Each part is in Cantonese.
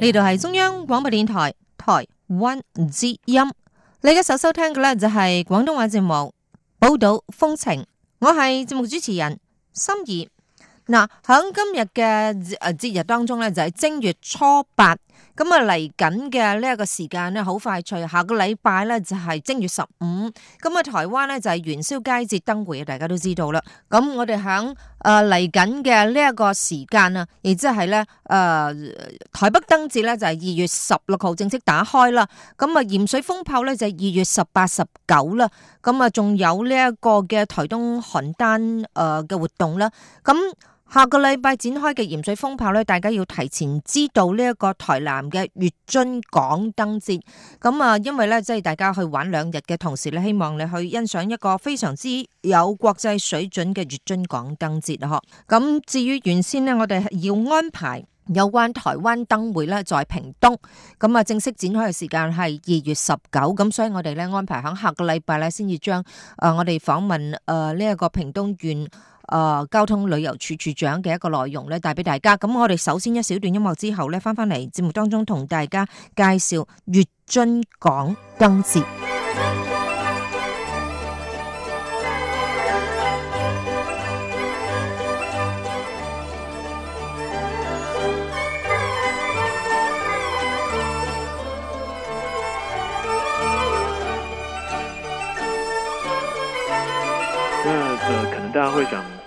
呢度係中央廣播電台台灣之音，你嘅首收聽嘅咧就係廣東話節目《寶島風情》，我係節目主持人心儀。嗱、啊，喺今日嘅誒節日當中咧，就係、是、正月初八。咁啊，嚟緊嘅呢一個時間咧，好快脆。下個禮拜咧就係正月十五，咁啊台灣咧就係元宵佳節燈會啊，大家都知道啦。咁我哋喺誒嚟緊嘅呢一個時間啊，亦即係咧誒台北燈節咧就係二月十六號正式打開啦。咁啊鹽水蜂炮咧就係二月十八、十九啦。咁啊仲有呢一個嘅台東寒單誒嘅活動啦。咁、嗯下個禮拜展開嘅鹽水蜂炮咧，大家要提前知道呢一個台南嘅月津港燈節。咁啊，因為咧即係大家去玩兩日嘅同時咧，希望你去欣賞一個非常之有國際水準嘅月津港燈節嗬。咁至於原先呢，我哋要安排有關台灣燈會咧，在屏東。咁啊，正式展開嘅時間係二月十九。咁所以我哋咧安排喺下個禮拜咧，先至將誒我哋訪問誒呢一個屏東縣。誒、呃，交通旅遊處處長嘅一個內容咧，帶俾大家。咁我哋首先一小段音樂之後咧，返返嚟節目當中同大家介紹月津港燈節。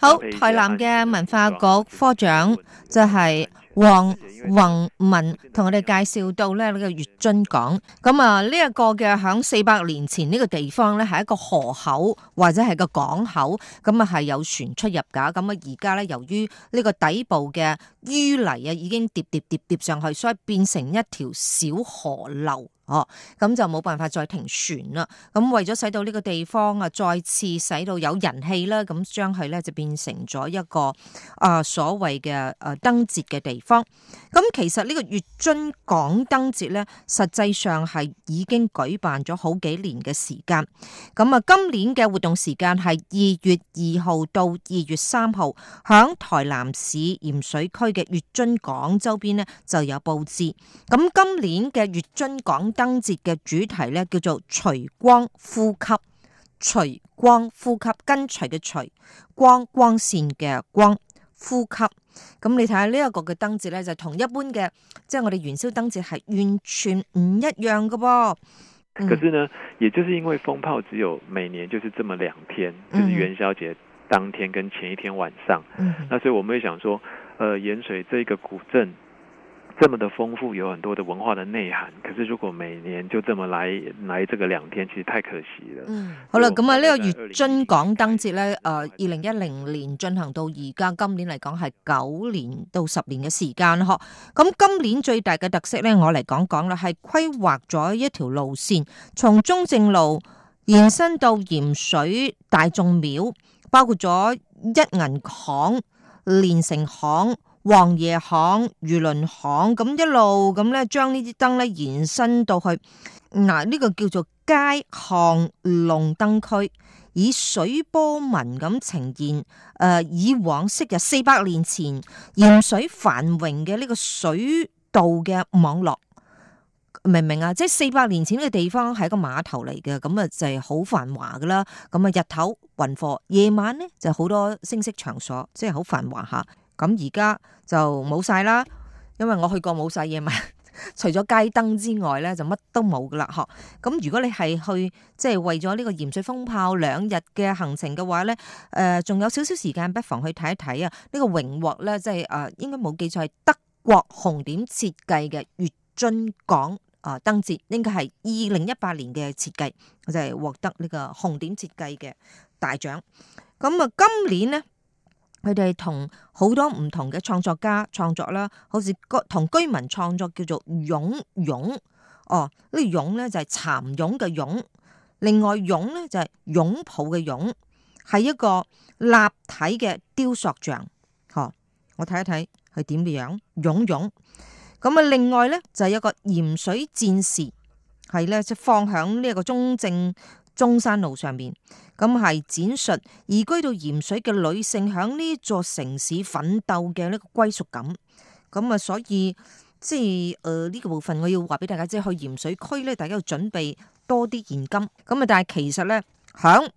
好，台南嘅文化局科長就係黃宏文，同我哋介紹到咧呢個月津港咁啊。呢、這、一個嘅響四百年前呢個地方咧係一個河口或者係個港口咁啊，係有船出入噶。咁啊，而家咧由於呢個底部嘅淤泥啊，已經疊疊疊疊疊上去，所以變成一條小河流。哦，咁就冇辦法再停船啦。咁為咗使到呢個地方啊，再次使到有人氣啦，咁將佢咧就變成咗一個啊、呃、所謂嘅誒燈節嘅地方。咁、嗯、其實個呢個月津港燈節咧，實際上係已經舉辦咗好幾年嘅時間。咁、嗯、啊，今年嘅活動時間係二月二號到二月三號，響台南市鹽水區嘅月津港周邊呢就有布置。咁、嗯、今年嘅月津港燈節嘅主題咧叫做隨光呼吸，隨光呼吸跟隨嘅隨光光線嘅光呼吸，咁你睇下呢一個嘅燈節咧就是、同一般嘅即係我哋元宵燈節係完全唔一樣嘅噃。可是呢，也就是因為蜂炮只有每年就是這麼兩天，就是元宵節當天跟前一天晚上。嗯哼，那所以我們會想說，誒、呃，鹽水這個古鎮。這麼的豐富，有很多的文化的內涵。可是如果每年就這麼來來這個兩天，其實太可惜了。嗯，好啦，咁啊呢個月津港燈節呢，誒、嗯，二零一零年進行到而家，今年嚟講係九年到十年嘅時間嗬，咁、嗯、今年最大嘅特色呢，我嚟講講啦，係規劃咗一條路線，從中正路延伸到鹽水大眾廟，包括咗一銀行、連城巷。黃椰巷、漁輪巷，咁一路咁咧，將呢啲燈咧延伸到去，嗱、這、呢個叫做街巷龍燈區，以水波紋咁呈現，誒、呃，以往昔日四百年前鹽水繁榮嘅呢個水道嘅網絡，明唔明啊？即係四百年前呢個地方係一個碼頭嚟嘅，咁啊就係好繁華噶啦，咁啊日頭運貨，夜晚咧就好多聲色場所，即係好繁華吓。咁而家就冇晒啦，因為我去過冇晒嘢晚，除咗街燈之外咧，就乜都冇噶啦，嗬、嗯。咁如果你係去即係、就是、為咗呢個鹽水風炮兩日嘅行程嘅話咧，誒、呃，仲有少少時間，不妨去睇一睇啊。呢、這個榮獲咧，即係誒，應該冇記錯係德國紅點設計嘅月津港啊燈節，應該係二零一八年嘅設計，就係、是、獲得呢個紅點設計嘅大獎。咁、呃、啊，今年咧。佢哋同好多唔同嘅創作家創作啦，好似同居民創作，叫做蛹蛹哦，這個、呢蛹咧就係蠶蛹嘅蛹，另外蛹咧就係、是、擁抱嘅蛹，係一個立體嘅雕塑像，嗬、哦，我睇一睇係點嘅樣，樣，蛹蛹。咁啊，另外咧就係、是、一個鹽水戰士，係咧即係放響呢一個中正中山路上面咁係、嗯、展述移居到鹽水嘅女性響呢座城市奮鬥嘅呢個歸屬感。咁、嗯、啊，所以即係誒呢個部分我要話俾大家知：去鹽水區咧，大家要準備多啲現金。咁、嗯、啊，但係其實咧，響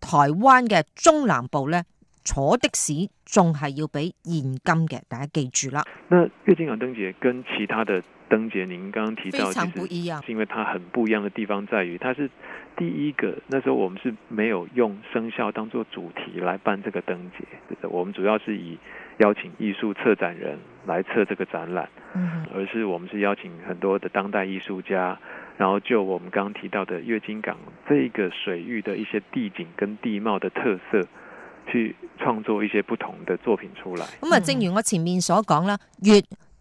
台灣嘅中南部咧，坐的士仲係要俾現金嘅，大家記住啦。那月津港燈節跟其他的燈節，您剛剛提到非常不一樣，因為它很不一樣嘅地方在於，它是。第一個，那時候我們是沒有用生肖當做主題來辦這個燈節，就是、我們主要是以邀請藝術策展人來策這個展覽，嗯、而是我們是邀請很多的當代藝術家，然後就我們剛剛提到的月津港這個水域的一些地景跟地貌的特色，去創作一些不同的作品出來。咁啊、嗯，正如我前面所講啦，月、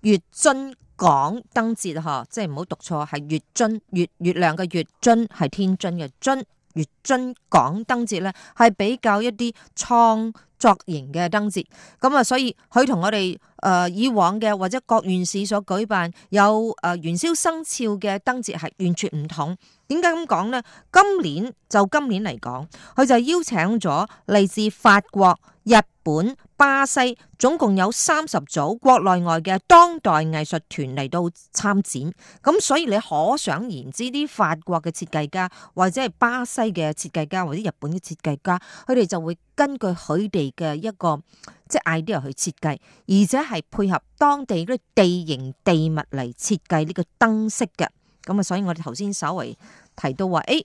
月津。港燈節呵，即係唔好讀錯，係月津。月月亮嘅月津，係天津嘅津，月津港燈節咧，係比較一啲創。作型嘅燈節，咁啊，所以佢同我哋誒、呃、以往嘅或者各縣市所舉辦有誒、呃、元宵生肖嘅燈節係完全唔同。點解咁講呢？今年就今年嚟講，佢就邀請咗嚟自法國、日本、巴西，總共有三十組國內外嘅當代藝術團嚟到參展。咁所以你可想而知，啲法國嘅設計家或者係巴西嘅設計家或者日本嘅設計家，佢哋就會。根據佢哋嘅一個，即、就是、idea 去設計，而且係配合當地啲地形地物嚟設計呢個燈飾嘅。咁啊，所以我哋頭先稍微提到話，誒、哎、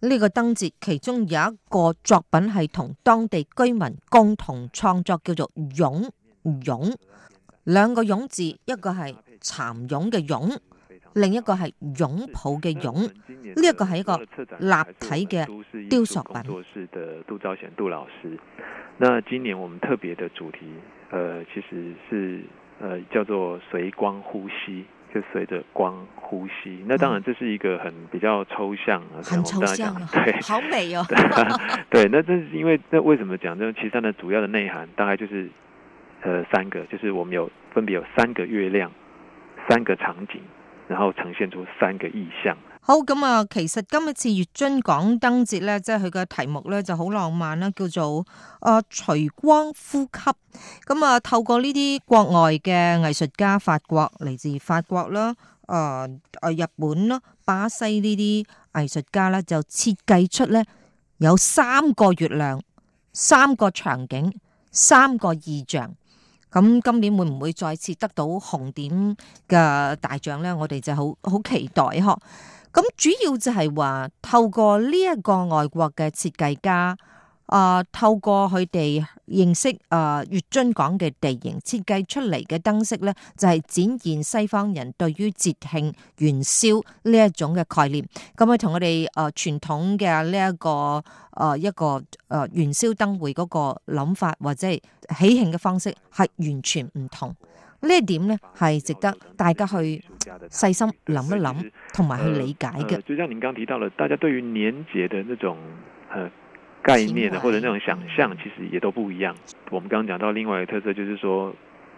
呢、這個燈節其中有一個作品係同當地居民共同創作，叫做“蛹蛹”，兩個“蛹”字，一個係蠶蛹嘅“蛹”。另一個係擁抱嘅擁，呢一個係一個立體嘅雕塑品。都市工作室的杜兆賢杜老師，那今年我們特別的主題，呃，其實是呃叫做隨光呼吸，就隨、是、着光呼吸。那當然，這是一個很比較抽象，很抽象，嗯、對，好美哦。 對，那這是因為那為什麼講？就其實呢主要的內涵大概就是，呃，三個，就是我們有分別有三個月亮，三個場景。然後呈現出三個意象。好咁啊、嗯，其實今日次月津港燈節咧，即係佢個題目咧就好浪漫啦，叫做誒啊，隨光呼吸。咁、嗯、啊，透過呢啲國外嘅藝術家，法國嚟自法國啦，誒、呃、誒日本啦、巴西呢啲藝術家咧，就設計出咧有三個月亮、三個場景、三個意象。咁今年會唔會再次得到紅點嘅大獎咧？我哋就好好期待呵。咁主要就係話透過呢一個外國嘅設計家。啊、呃！透過佢哋認識啊月、呃、津港嘅地形設計出嚟嘅燈飾咧，就係、是、展現西方人對於節慶元宵呢一種嘅概念。咁佢同我哋啊傳統嘅呢、這個呃、一個啊一個啊元宵燈會嗰個諗法或者係喜慶嘅方式係完全唔同。呢一點咧係值得大家去細心諗一諗，同埋去理解嘅、呃呃。就像您剛提到了，大家對於年節嘅呢種誒。呃概念的或者那種想象其實也都不一樣。我們剛剛講到另外一個特色就是說，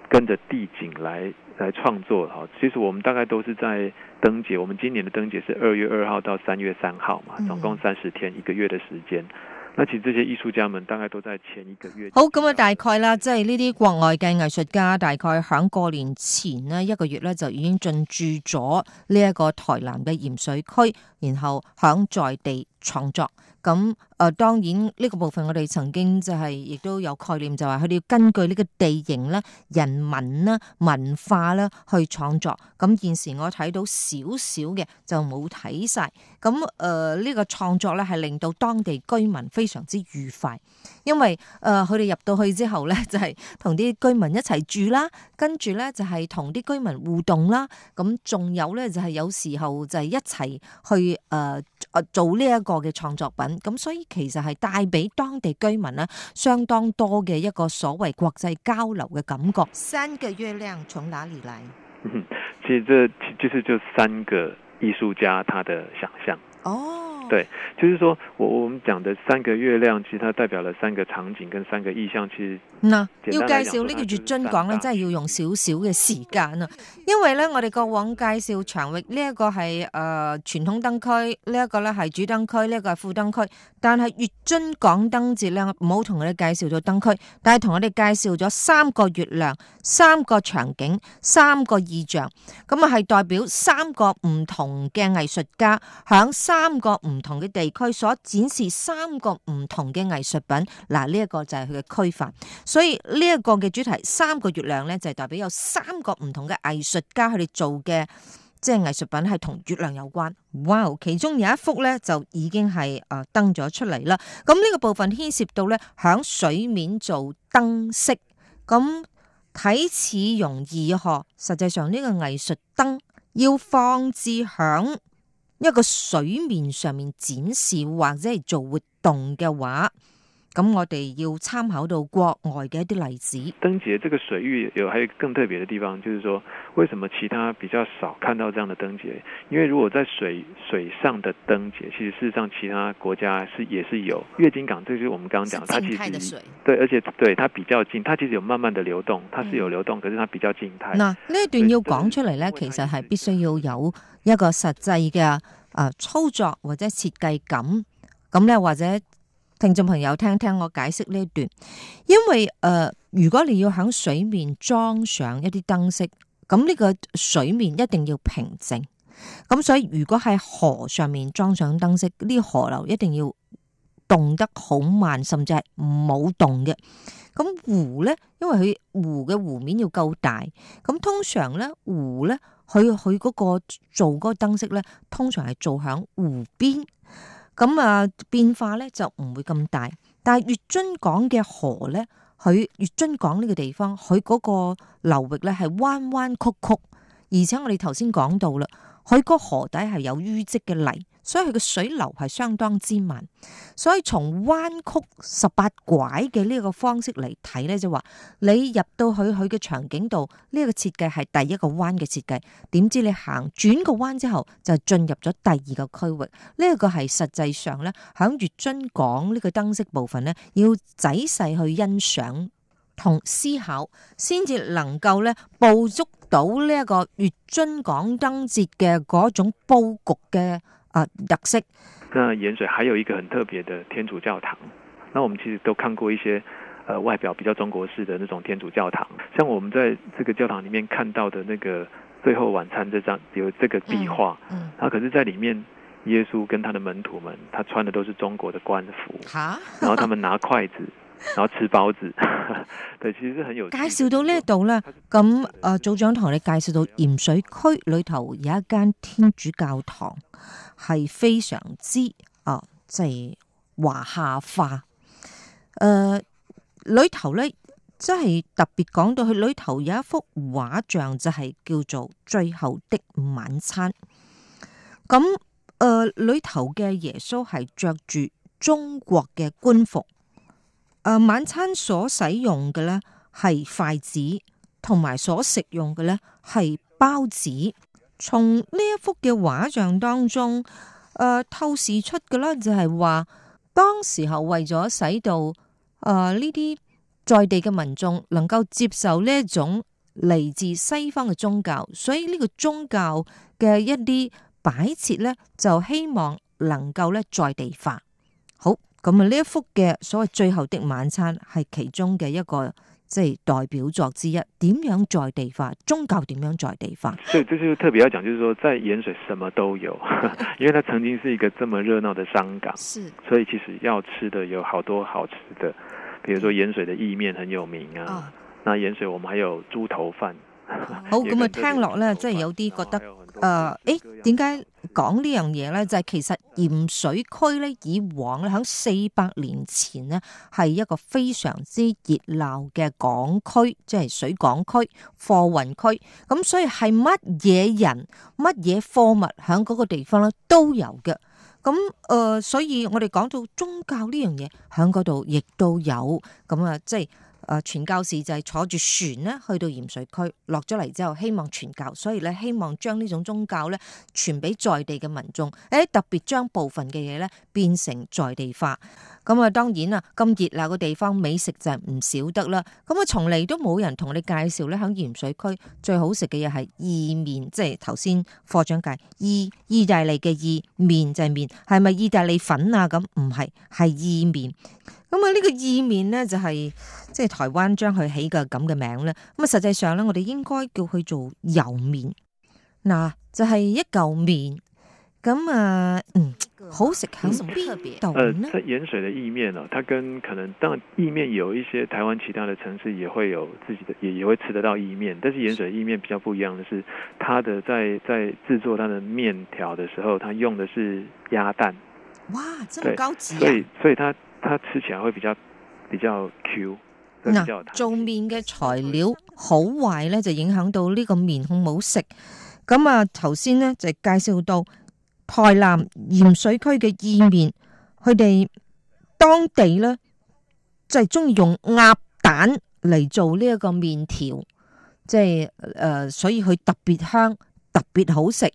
跟着地景來來創作。哈，其實我們大概都是在燈節。我們今年的燈節是二月二號到三月三號嘛，總共三十天一個月的時間。嗯、那其實這些藝術家們大概都在前一個月。好，咁啊，大概啦，即係呢啲國外嘅藝術家，大概響過年前呢一個月呢，就已經進駐咗呢一個台南嘅鹽水區，然後響在，在地。創作咁誒、呃，當然呢個部分我哋曾經就係、是、亦都有概念，就話佢哋要根據呢個地形咧、人民咧、文化咧去創作。咁現時我睇到少少嘅，就冇睇晒。咁、呃、誒，這個、創呢個創作咧係令到當地居民非常之愉快，因為誒佢哋入到去之後咧，就係同啲居民一齊住啦，跟住咧就係同啲居民互動啦。咁仲有咧就係、是、有時候就係一齊去誒。呃做呢一個嘅創作品，咁所以其實係帶俾當地居民咧、啊、相當多嘅一個所謂國際交流嘅感覺。三個月亮從哪裏來？嗯、其實這就是就三個藝術家他的想象。哦。對，就是說我我們講的三個月亮，其實它代表了三個場景跟三個意象。其實，嗱，要介紹呢個月津港咧，真係要用少少嘅時間啊！因為咧，我哋過往介紹場域呢一、這個係誒傳統燈區，呢、這、一個咧係主燈區，呢、這、一個係副燈區。但係月津港燈節咧，唔好同我哋介紹咗燈區，但係同我哋介紹咗三個月亮、三個場景、三個意象，咁啊係代表三個唔同嘅藝術家響三個唔。唔同嘅地區所展示三個唔同嘅藝術品，嗱呢一個就係佢嘅區分。所以呢一個嘅主題，三個月亮咧就係代表有三個唔同嘅藝術家佢哋做嘅，即係藝術品係同月亮有關。哇，其中有一幅咧就已經係誒登咗出嚟啦。咁呢個部分牽涉到咧響水面做燈飾，咁睇似容易呵，實際上呢個藝術燈要放置響。一個水面上面展示或者係做活動嘅話。咁我哋要參考到國外嘅一啲例子。燈節這個水域有，還有更特別的地方，就是說，為什麼其他比較少看到這樣的燈節？因為如果在水水上的燈節，其實事實上其他國家是也是有。月津港，這就是我們剛剛講的，它其實對，而且對它比較靜，它其實有慢慢的流動，它是有流動，可是它比較靜態。嗱、嗯，呢一以段要講出嚟咧，其實係必須要有一個實際嘅誒操作或者設計感，咁咧或者。聽眾朋友聽，聽聽我解釋呢一段，因為誒、呃，如果你要喺水面裝上一啲燈飾，咁呢個水面一定要平靜，咁所以如果喺河上面裝上燈飾，呢河流一定要動得好慢，甚至係唔好動嘅。咁湖咧，因為佢湖嘅湖面要夠大，咁通常咧湖咧，佢去嗰個做嗰個燈飾咧，通常係做響湖邊。咁啊，變化咧就唔會咁大，但係月津港嘅河咧，佢月津港呢個地方，佢嗰個流域咧係彎彎曲曲，而且我哋頭先講到啦，佢嗰河底係有淤積嘅泥。所以佢嘅水流係相當之慢，所以從彎曲十八拐嘅呢個方式嚟睇咧，就話你入到去佢嘅場景度，呢個設計係第一個彎嘅設計。點知你行轉個彎之後就進入咗第二個區域，呢個係實際上咧響月津港呢個燈飾部分咧，要仔細去欣賞同思考，先至能夠咧捕捉到呢一個月津港燈節嘅嗰種布局嘅。啊，uh, 特色。那鹽水還有一個很特別的天主教堂。那我們其實都看過一些，呃，外表比較中國式的那種天主教堂。像我們在這個教堂裡面看到的那個《最後晚餐》這張，有這個壁畫。嗯。啊、嗯，可是，在裡面耶穌跟他的門徒們，他穿的都是中國的官服。哈。 然後他們拿筷子。然後吃包子，對，其實很有介紹到呢度啦。咁誒是，組、嗯啊、長同你介紹到鹽水區裏頭有一間天主教堂，係非常之啊，即、就、係、是、華夏化。誒、呃，裏頭咧即係特別講到，佢裏頭有一幅畫像，就係、是、叫做《最後的晚餐》。咁、嗯、誒，裏、呃、頭嘅耶穌係着住中國嘅官服。誒、呃，晚餐，所使用嘅咧係筷子，同埋所食用嘅咧係包子。從呢一幅嘅畫像當中，誒、呃，透視出嘅咧就係話，當時候為咗使到誒呢啲在地嘅民眾能夠接受呢一種嚟自西方嘅宗教，所以呢個宗教嘅一啲擺設咧，就希望能夠咧在地化。咁啊，呢一幅嘅所謂最後的晚餐係其中嘅一個即係代表作之一。點樣在地化？宗教點樣在地化？所以，這就特別要講，就是說，在鹽水什麼都有，因為它曾經是一個這麼熱鬧的商港，是所以其實要吃的有好多好吃的，比如說鹽水的意麵很有名啊。嗯、那鹽水我們還有豬頭飯。好，咁啊， 聽落咧，即係有啲覺得。誒，誒、呃，點解講呢樣嘢咧？就係、是、其實鹽水區咧，以往咧喺四百年前咧，係一個非常之熱鬧嘅港區，即係水港區、貨運區。咁所以係乜嘢人、乜嘢貨物喺嗰個地方咧都有嘅。咁誒、呃，所以我哋講到宗教呢樣嘢喺嗰度亦都有。咁啊、就是，即係。誒傳教士就係坐住船咧，去到鹽水區，落咗嚟之後，希望傳教，所以咧希望將呢種宗教咧傳俾在地嘅民眾。誒特別將部分嘅嘢咧變成在地化。咁啊，當然啦，咁熱鬧嘅地方美食就係唔少得啦。咁啊，從嚟都冇人同你介紹咧，喺鹽水區最好食嘅嘢係意麵，即係頭先課長介意意大利嘅意麵就係麵，係咪意大利粉啊？咁唔係，係意麵。咁啊，呢個意麵呢，就係、是、即係台灣將佢起個咁嘅名咧。咁啊，實際上咧，我哋應該叫佢做油麵，嗱，就係一嚿麵。咁啊，嗯，好食係什麼特別度呢、嗯呃？鹽水嘅意麵咯，它跟可能當然意麵有一些台灣其他嘅城市也會有自己嘅，也也會吃得到意麵，但是鹽水意麵比較不一樣，嘅，是它的在在製作它的麵條嘅時候，它用的是鴨蛋。哇，咁高級、啊，所以所以它。它吃起來會比較比較 Q 比較，做麵嘅材料好壞咧，就影響到呢個麵好唔好食。咁啊，頭先咧，就介紹到台南鹽水區嘅意麵，佢哋當地咧，就係鍾意用鴨蛋嚟做呢一個麵條，即係誒，所以佢特別香，特別好食。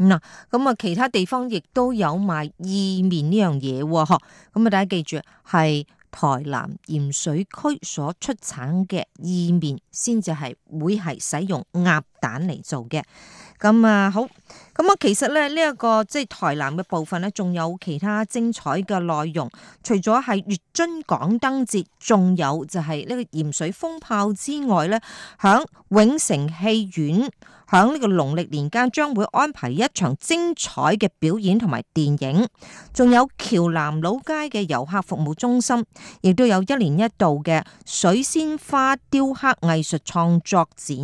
嗱，咁啊、嗯，其他地方亦都有賣意麵呢樣嘢喎，咁啊，大家記住啊，係台南鹽水區所出產嘅意麵，先至係會係使用鴨蛋嚟做嘅。咁、嗯、啊，好，咁、嗯、啊，其實咧呢一個即係、就是、台南嘅部分咧，仲有其他精彩嘅內容，除咗係月津港燈節，仲有就係呢個鹽水蜂炮之外咧，響永成戲院。喺呢個農曆年間，將會安排一場精彩嘅表演同埋電影，仲有橋南老街嘅遊客服務中心，亦都有一年一度嘅水仙花雕刻藝術創作展。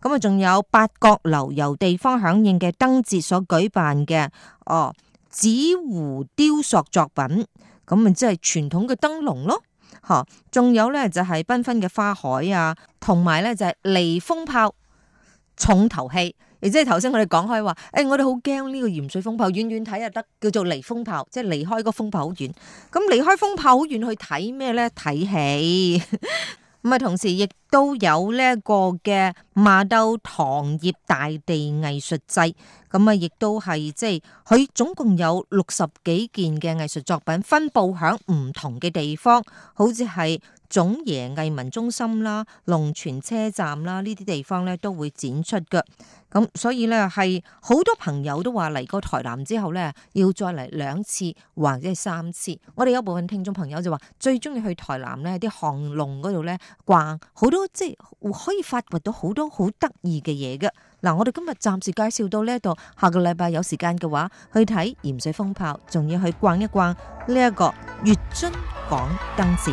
咁啊，仲有八角樓由地方響應嘅燈節所舉辦嘅哦紙糊雕塑作品。咁咪即係傳統嘅燈籠咯，吓，仲有咧就係繽紛嘅花海啊，同埋咧就係離蜂炮。重頭戲，而即係頭先我哋講開話，誒、哎，我哋好驚呢個鹽水風炮，遠遠睇就得，叫做離風炮，即係離開個風炮好遠。咁離開風炮好遠去睇咩咧？睇戲，咁啊，同時亦都有呢一個嘅麻豆糖業大地藝術祭，咁啊、就是，亦都係即係佢總共有六十幾件嘅藝術作品，分佈響唔同嘅地方，好似係。總爺藝文中心啦、龍泉車站啦呢啲地方咧，都會展出噶。咁所以咧，係好多朋友都話嚟過台南之後咧，要再嚟兩次或者係三次。我哋有部分聽眾朋友就話最中意去台南咧啲巷弄嗰度咧逛，好多即係可以發掘到好多好得意嘅嘢噶。嗱，我哋今日暫時介紹到呢一度，下個禮拜有時間嘅話去睇鹽水風炮，仲要去逛一逛呢一個月津港燈節。